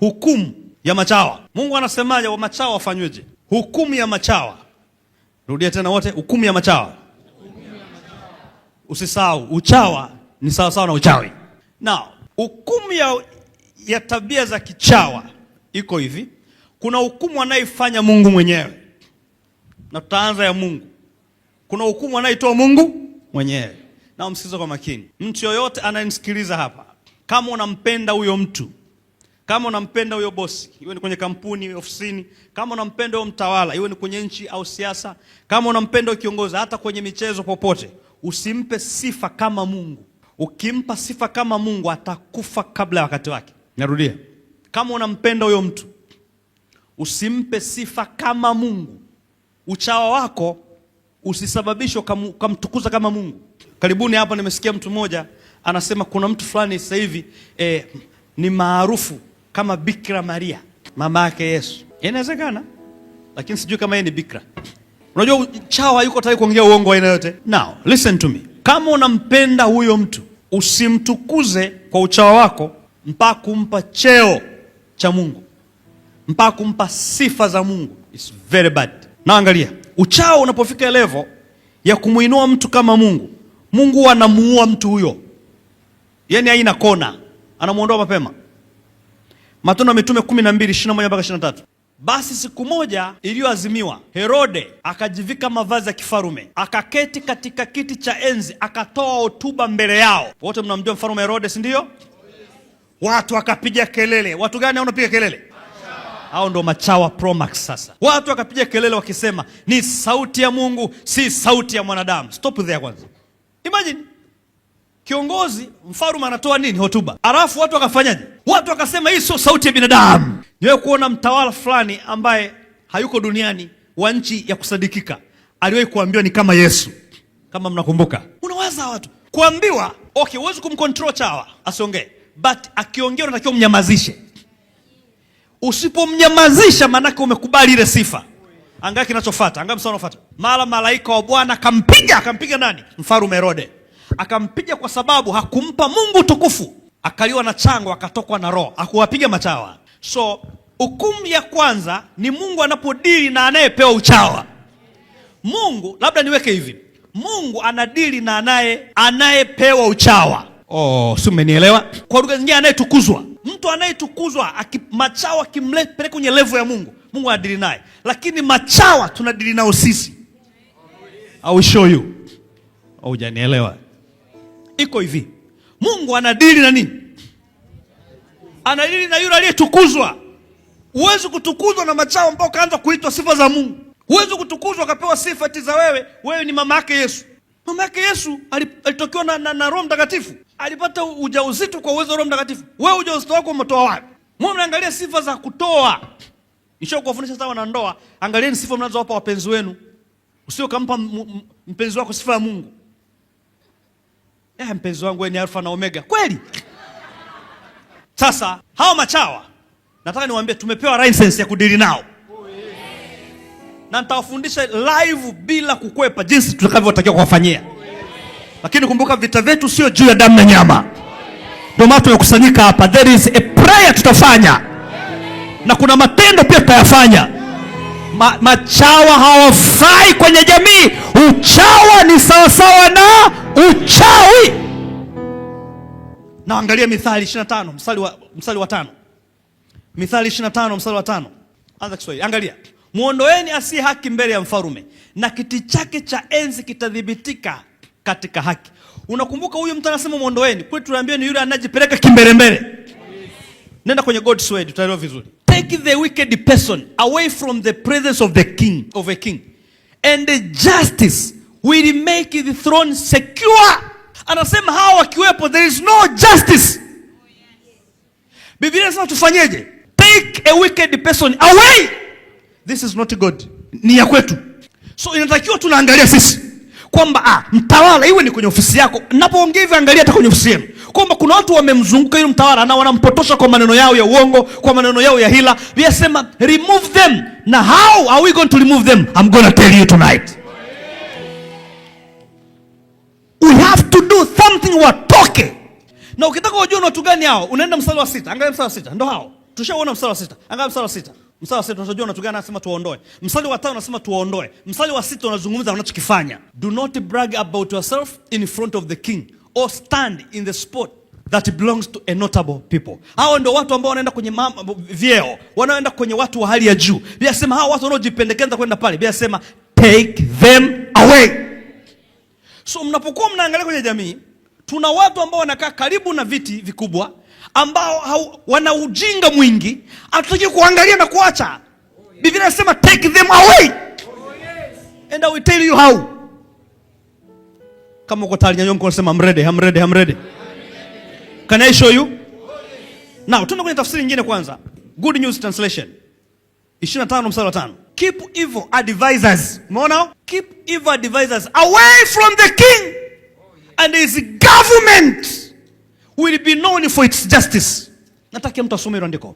hukumu ya machawa. Mungu anasemaje wa machawa wafanyweje? Hukumu ya machawa. Rudia tena wote, hukumu ya machawa. Usisahau uchawa ni sawa sawa na uchawi. Na hukumu ya, ya tabia za kichawa iko hivi, kuna hukumu anayeifanya Mungu mwenyewe, na tutaanza ya Mungu. Kuna hukumu anayeitoa Mungu mwenyewe. Na msikize kwa makini, mtu yoyote anayenisikiliza hapa, kama unampenda huyo mtu kama unampenda huyo bosi, iwe ni kwenye kampuni, ofisini, kama unampenda huyo mtawala, iwe ni kwenye nchi au siasa, kama unampenda huyo kiongozi, hata kwenye michezo, popote, usimpe sifa kama Mungu. Ukimpa sifa kama Mungu, atakufa kabla ya wakati wake. Narudia, kama unampenda huyo mtu, usimpe sifa kama Mungu. Uchawa wako usisababishwe ukamtukuza kama Mungu. Karibuni hapa nimesikia mtu mmoja anasema kuna mtu fulani sasa hivi eh, ni maarufu kama Bikira Maria mama yake Yesu. Inawezekana, lakini sijui kama yeye ni bikira. Unajua chawa yuko tayari kuongea uongo aina yote. Now listen to me, kama unampenda huyo mtu usimtukuze kwa uchawa wako mpaka kumpa cheo cha Mungu, mpaka kumpa sifa za Mungu. It's very bad. Na angalia, uchawa unapofika level ya kumuinua mtu kama Mungu, Mungu anamuua mtu huyo, yaani haina kona, anamuondoa mapema. Matendo ya Mitume 12:21 mpaka 23. Basi siku moja iliyoazimiwa, Herode akajivika mavazi ya kifarume, akaketi katika kiti cha enzi, akatoa hotuba mbele yao. Wote mnamjua mfalme Herode, si ndio? Watu wakapiga kelele. Watu gani wanapiga kelele? Hao ndo machawa promax. Sasa watu wakapiga kelele wakisema, ni sauti ya Mungu, si sauti ya mwanadamu. Stop there kwanza, imagine Kiongozi mfarume anatoa nini hotuba, alafu watu wakafanyaje? Watu wakasema hii sio sauti ya binadamu. Niwe kuona mtawala fulani ambaye hayuko duniani wa nchi ya kusadikika aliwahi kuambiwa ni kama Yesu, kama mnakumbuka. Unawaza watu kuambiwa, okay, huwezi kumkontrol chawa asiongee, but akiongea unatakiwa umnyamazishe. Usipomnyamazisha maanake umekubali ile sifa. Angaa kinachofata, angaa msao unafuata, mara malaika wa Bwana akampiga. Akampiga nani? Mfarume Herode akampiga kwa sababu hakumpa Mungu utukufu, akaliwa na chango, akatokwa na roho, akuwapiga machawa. So hukumu ya kwanza ni Mungu anapodili na anayepewa uchawa. Mungu labda niweke hivi, Mungu anadili na anaye anayepewa uchawa. Oh, si umenielewa? Kwa lugha nyingine, anayetukuzwa. Mtu anayetukuzwa machawa akimpeleka kwenye levo ya Mungu, Mungu anadili naye, lakini machawa tunadili nao sisi. I will show you. Au oh, hujanielewa? iko hivi, Mungu anadili na nini? Anadili na yule aliyetukuzwa. Huwezi kutukuzwa na machao ambao kaanza kuitwa sifa za Mungu. Huwezi kutukuzwa akapewa sifa ati za wewe, wewe ni mama yake Yesu. Mama yake Yesu alitokewa na, na, na Roho Mtakatifu, alipata ujauzito kwa uwezo wa Roho Mtakatifu. Wewe ujauzito wako umetoa wapi? Mwe mnaangalia sifa za kutoa. nisho kuwafundisha sawa na ndoa, angalieni sifa mnazowapa wapenzi wenu. Usio kampa mpenzi wako sifa ya Mungu. Eh, mpenzi wangu wewe ni alfa na omega kweli. Sasa hawa machawa nataka niwaambie, tumepewa license ya kudili nao na nitawafundisha live bila kukwepa jinsi tutakavyotakiwa kuwafanyia, lakini kumbuka vita vyetu sio juu ya damu na nyama. Ndio maana tumekusanyika hapa, there is a prayer tutafanya na kuna matendo pia tutayafanya. Ma, machawa hawafai kwenye jamii. Uchawa ni sawasawa na uchawi. Naangalia Mithali 25 mstari wa mstari wa tano. Mithali 25 mstari wa tano. Anza Kiswahili. Angalia. Muondoeni asiye haki mbele ya mfarume na kiti chake cha enzi kitathibitika katika haki. Unakumbuka huyu mtu anasema muondoeni, kwetu tunaambia ni yule anajipeleka kimbelembele. Nenda kwenye God's word utaelewa vizuri. Take the wicked person away from the presence of the king of a king and the justice will make the throne secure. Anasema hawa wakiwepo, there is no justice. Biblia inasema tufanyeje? Take a wicked person away, this is not good, ni ya kwetu. So inatakiwa tunaangalia sisi kwamba ah, mtawala, iwe ni kwenye ofisi yako. Napoongea hivyo, angalia hata kwenye ofisi yenu kwamba kuna watu wamemzunguka yule mtawala na wanampotosha kwa maneno yao ya uongo, kwa maneno yao ya hila. Biblia inasema remove them. Na how are we going to remove them? I'm going to tell you tonight. We have to do something watoke. Na ukitaka ujue watu gani hao, unaenda mstari wa sita. Angalia mstari wa sita. ndo hao. Tushaona mstari wa sita. Angalia mstari wa sita. Mstari wa sita unajua watu gani anasema tuwaondoe. Mstari wa tano anasema tuwaondoe. Mstari wa sita unazungumza unachokifanya. Do not brag about yourself in front of the king or stand in the spot that belongs to a notable people. Hao ndio watu ambao wanaenda kwenye mama, vyeo, wanaenda kwenye watu wa hali ya juu. Bila sema hao watu wanaojipendekeza kwenda pale, bila sema take them away. So mnapokuwa mnaangalia kwenye jamii, tuna watu ambao wanakaa karibu na viti vikubwa ambao wana ujinga mwingi, hatutaki kuangalia na kuacha. Biblia inasema take them away and I will tell you how. Kama uko tayari nyanyuka, unasema mrede, hamrede, hamrede. Can I show you? Now, tuende kwenye tafsiri nyingine kwanza. Good News Translation 25 mstari wa 5 keep evil advisors. Umeona? Keep evil advisors away from the king Oh, yeah. and his government will be known for its justice. Nataka mtu asome hilo andiko.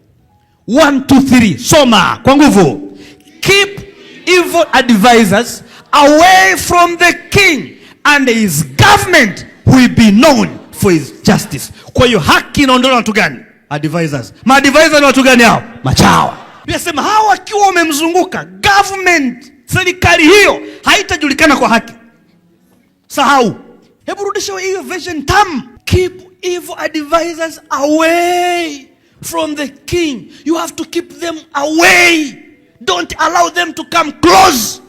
1 2 3 soma kwa nguvu. Keep evil advisors away from the king and his government will be known for his justice. Kwa hiyo haki inaondolewa na watu gani? Advisors. Ma advisors ni watu gani hao? Machawa. Inasema hawa wakiwa wamemzunguka government, serikali hiyo haitajulikana kwa haki. Sahau, hebu rudisha hiyo version tam. Keep evil advisors away from the king, you have to keep them away, don't allow them to come close,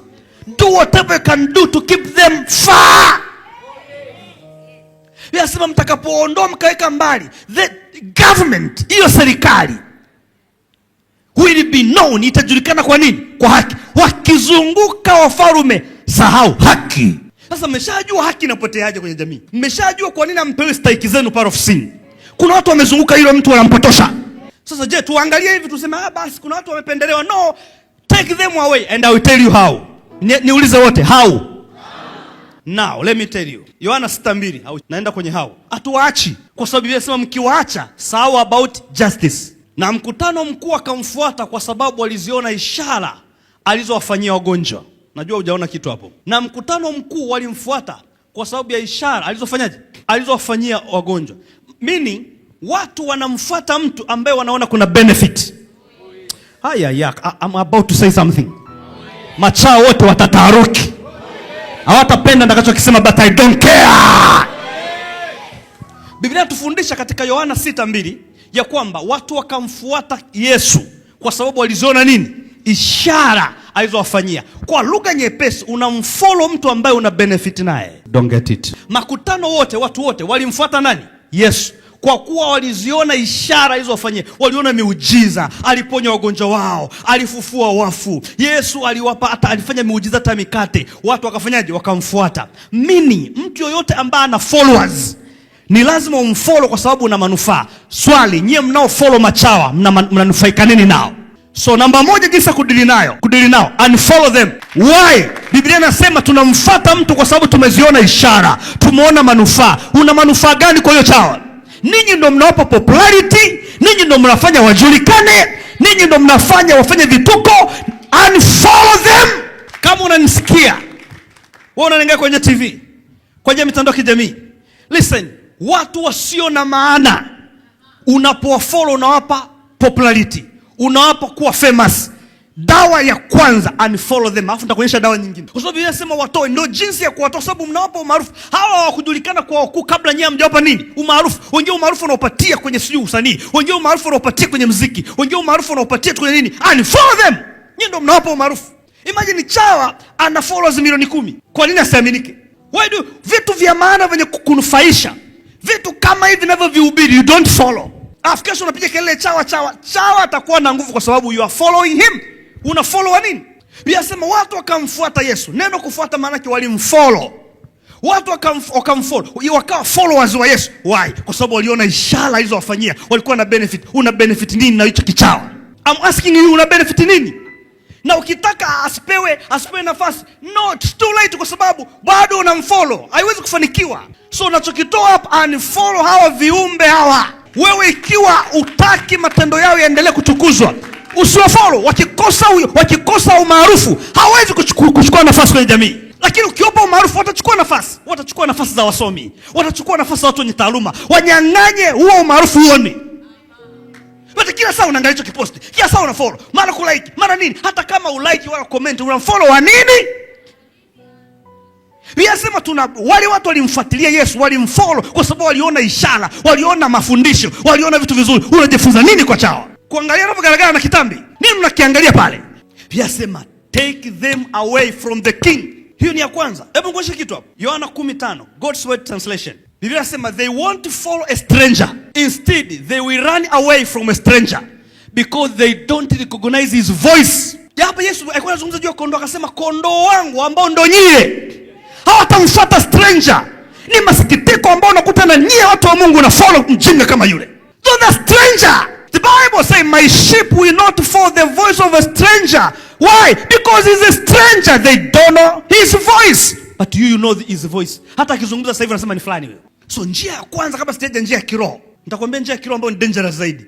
do whatever you can do to keep them far. Yasema mtakapoondoa mkaweka mbali the government, hiyo serikali will be known, itajulikana. Kwa nini? Kwa haki. Wakizunguka wafarume, sahau haki. Sasa mmeshajua haki inapoteaje kwenye jamii, mmeshajua kwa nini ampewe stahiki zenu pale ofisini. Kuna watu wamezunguka hilo mtu wanampotosha. Sasa je, tuangalie hivi tuseme, ah, basi kuna watu wamependelewa? No, take them away and I will tell you how. Ni, Niulize wote how. Now let me tell you. Yohana 6:2 naenda kwenye hao. Atuachi kwa sababu yeye sema mkiwaacha, sawa about justice na mkutano mkuu akamfuata kwa sababu aliziona ishara alizowafanyia wagonjwa. Najua hujaona kitu hapo. Na mkutano mkuu walimfuata kwa sababu ya ishara alizofanyaje? Alizowafanyia wagonjwa. Mimi watu wanamfuata mtu ambaye wanaona kuna benefit. Haya ya, I'm about to say something. Machaa wote watataharuki, hawatapenda nitakachokisema, but I don't care. Biblia tufundisha katika Yohana 6:2 ya kwamba watu wakamfuata Yesu kwa sababu waliziona nini? Ishara alizowafanyia. Kwa lugha nyepesi, unamfollow mtu ambaye una benefit naye. Don't get it. Makutano wote, watu wote walimfuata nani? Yesu kwa kuwa waliziona ishara alizowafanyia, waliona miujiza, aliponya wagonjwa wao, alifufua wafu. Yesu aliwapa hata, alifanya miujiza hata mikate, watu wakafanyaje? Wakamfuata. Mimi mtu yoyote ambaye ana followers ni lazima umfollow kwa sababu una manufaa. Swali, nyie mnao follow machawa mnanufaika nini nao? So namba moja, jinsi ya kudili nayo, kudili nao, unfollow them. Why? Biblia inasema tunamfata mtu kwa sababu tumeziona ishara, tumeona manufaa. Una manufaa gani kwa hiyo chawa? Ninyi ndio mnawapa popularity, ninyi ndio mnafanya wajulikane, ninyi ndio mnafanya wafanye vituko. Unfollow them. Kama unanisikia wewe, unaniangalia kwenye TV, kwenye mitandao ya kijamii, listen watu wasio na maana unapowafollow unawapa popularity, unawapa kuwa famous. Dawa ya kwanza unfollow them, alafu nitakuonyesha dawa nyingine, kwa sababu yeye sema watoe. Ndio jinsi ya kuwatoa, sababu mnawapa umaarufu. Hawa hawakujulikana kwa wakuu kabla nyinyi mjawapa nini umaarufu. Wengine umaarufu wanaopatia kwenye siyo usanii, wengine umaarufu wanaopatia kwenye muziki wengine umaarufu wanaopatia kwenye nini. Unfollow them, nyinyi ndio mnawapa umaarufu. Imagine chawa ana followers milioni 10 kwa nini asiaminike? Why do vitu vya maana vyenye kukunufaisha Vitu kama hivi ninavyovihubiri, you don't follow. Alafu kesho unapiga kelele chawa chawa chawa, atakuwa na nguvu kwa sababu you are following him. Una follow nini? Biblia sema watu wakamfuata Yesu. Neno kufuata maana yake walimfollow. Watu wakamfollow, wakawa followers wa Yesu. Why? Kwa sababu waliona ishara hizo wafanyia, walikuwa na benefit. Una benefit nini na hicho kichawa? I'm asking you, una benefit nini? na ukitaka asipewe asipewe nafasi no, it's too late, kwa sababu bado unamfollow, haiwezi kufanikiwa. So unachokitoa hapa, unfollow hawa viumbe hawa. Wewe ikiwa utaki matendo yao yaendelee kutukuzwa, usiwafollow. Wakikosa wakikosa umaarufu hawezi kuchukua nafasi kwenye jamii, lakini ukiwapa umaarufu watachukua nafasi, watachukua nafasi za wasomi, watachukua nafasi za watu wenye taaluma, wanyang'anye huo umaarufu huoni? But kila saa unaangalia hicho kiposti, kila saa una follow, mara ku like, mara nini, hata kama ulike wala comment, unamfollow wa nini? Biblia tuna wale watu walimfuatilia Yesu, walimfollow kwa sababu waliona ishara, waliona mafundisho, waliona vitu vizuri. Unajifunza nini kwa chawa? Kuangalia hapo garagara na kitambi. Nini mnakiangalia pale? Biblia take them away from the king. Hiyo ni ya kwanza. Hebu ngoshe kitu hapo. Yohana 15, God's Word Translation. Biblia inasema they want to follow a stranger. Instead, they will run away from a stranger because they don't recognize his voice. Hapa Yesu alikuwa anazungumza juu ya kondoo, akasema kondoo wangu ambao ndo nyie hawatamfuata stranger. Ni masikitiko ambao unakuta na nyie watu wa Mungu na follow mjinga kama yule. So the stranger, the Bible say my sheep will not follow the voice of a stranger. Why? Because he's a stranger. They don't know his voice. But you, you know his voice. Hata akizungumza sasa hivi anasema ni fulani wewe. So njia ya kwanza, kabla sijaja njia ya kiroho, nitakwambia njia ya kiroho ambayo ni dangerous zaidi.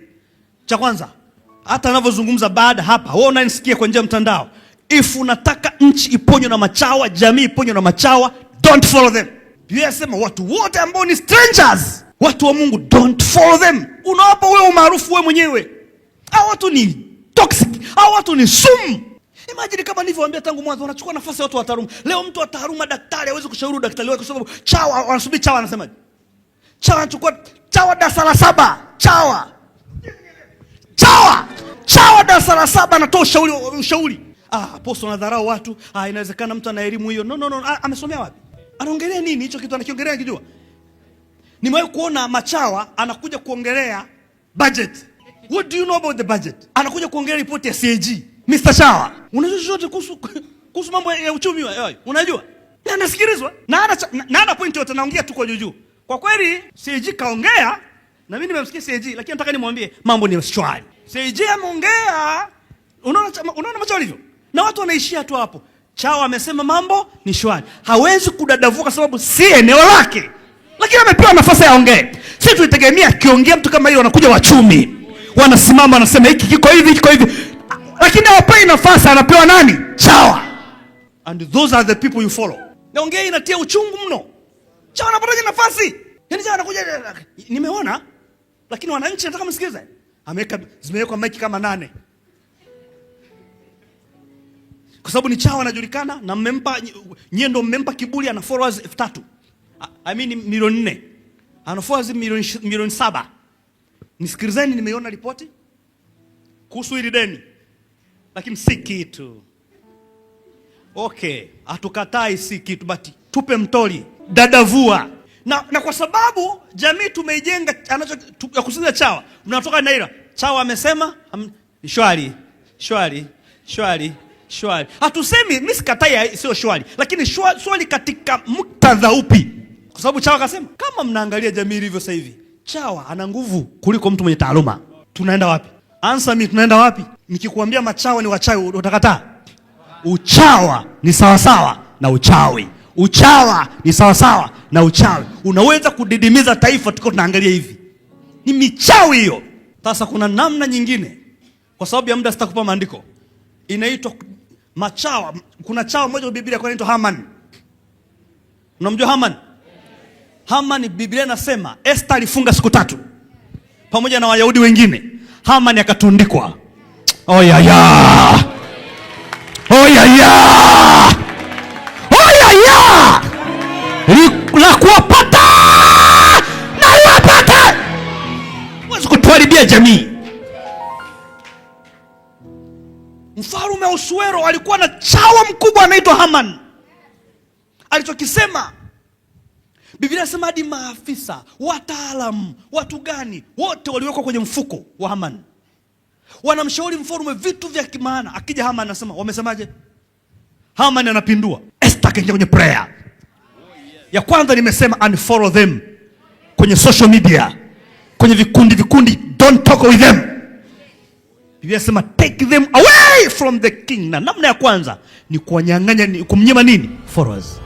Cha kwanza, hata anavyozungumza baada hapa, wewe unanisikia kwa njia ya mtandao, if unataka nchi iponywe na machawa, jamii iponywe na machawa, don't follow them. Biblia inasema watu wote ambao ni strangers, watu wa Mungu, don't follow them. Unawapa wewe umaarufu wewe mwenyewe. Hao watu ni toxic, hao watu ni sumu. Imagine kama nilivyowaambia tangu mwanzo, wanachukua nafasi ya watu wa taaluma. Leo mtu wa taaluma, daktari, hawezi kushauri daktari wake kwa sababu chawa, wanasubiri chawa, anasemaje? chawa chukua chawa darasa la saba chawa chawa chawa darasa la saba anatoa ushauri ushauri. Ah, poso dharau watu. Ah, inawezekana mtu ana elimu hiyo. No, no, no. Ah, amesomea wapi? Anaongelea nini hicho kitu anakiongelea kijua? Nimewahi kuona machawa anakuja kuongelea budget. What do you know about the budget? Anakuja kuongelea ripoti ya CAG. Mr. Chawa, unajua chochote kuhusu kuhusu mambo ya uchumi? Unajua? Na anasikilizwa. Na ana na ana point yote anaongea tu kwa juu juu. Kwa kweli CAG kaongea na mimi nimemsikia CAG, lakini nataka nimwambie mambo ni shwari. CAG ameongea, unaona macho alivyo, na watu wanaishia tu hapo. Chao amesema mambo ni shwari, hawezi kudadavuka sababu si eneo lake, lakini amepewa nafasi yaongee. Si tulitegemea akiongea mtu kama yule, wanakuja wachumi wanasimama wanasema hiki kiko hivi kiko hivi, lakini hawapewi nafasi. Anapewa nani? Chawa. And those are the people you follow. Naongea inatia uchungu mno cha anapoteza nafasi. yani chama anakuja nimeona lakini wananchi nataka msikilize. Ameweka zimewekwa maiki kama nane. Kwa sababu ni chawa anajulikana na mmempa nyie ndio mmempa kiburi ana followers elfu tatu. I mean milioni nne. Ana followers milioni milioni saba. Nisikilizeni, nimeona ripoti kuhusu hili deni. Lakini si kitu. Okay, hatukatai si kitu bati tupe mtoli dadavua na, na kwa sababu jamii tumeijenga anacho ya kusikiza chawa, mnatoka Naira, chawa amesema am, shwari shwari shwari shwari. Hatusemi mimi sikatai, sio shwari, lakini shwari, swali katika muktadha upi? Kwa sababu chawa akasema. Kama mnaangalia jamii ilivyo sasa hivi, chawa ana nguvu kuliko mtu mwenye taaluma. Tunaenda wapi? Answer me, tunaenda wapi? nikikuambia machawa ni wachawi utakataa? Uchawa ni sawasawa na uchawi. Uchawa ni sawasawa na uchawi, unaweza kudidimiza taifa. Tuko tunaangalia hivi, ni michawi hiyo. Sasa kuna namna nyingine, kwa sababu ya muda sitakupa maandiko, inaitwa machawa. Kuna chawa moja kwa Biblia inaitwa Haman. Unamjua Haman? Haman, Biblia inasema Esther alifunga siku tatu pamoja na Wayahudi wengine, Haman akatundikwa. Oyaya, oyaya la kuwapata na liwapate. Huwezi kutuharibia jamii. Mfarume Usuero alikuwa na chawa mkubwa anaitwa Haman. Alichokisema Biblia sema hadi maafisa wataalamu, watu gani wote waliwekwa kwenye mfuko wa Haman, wanamshauri mfarume vitu vya kimaana. Akija Haman anasema, wamesemaje? Haman anapindua. Esta akaingia kwenye prayer ya kwanza nimesema unfollow them kwenye social media, kwenye vikundi vikundi, don't talk with them. Biblia inasema take them away from the king, na namna ya kwanza ni kuwanyang'anya, ni kumnyima nini followers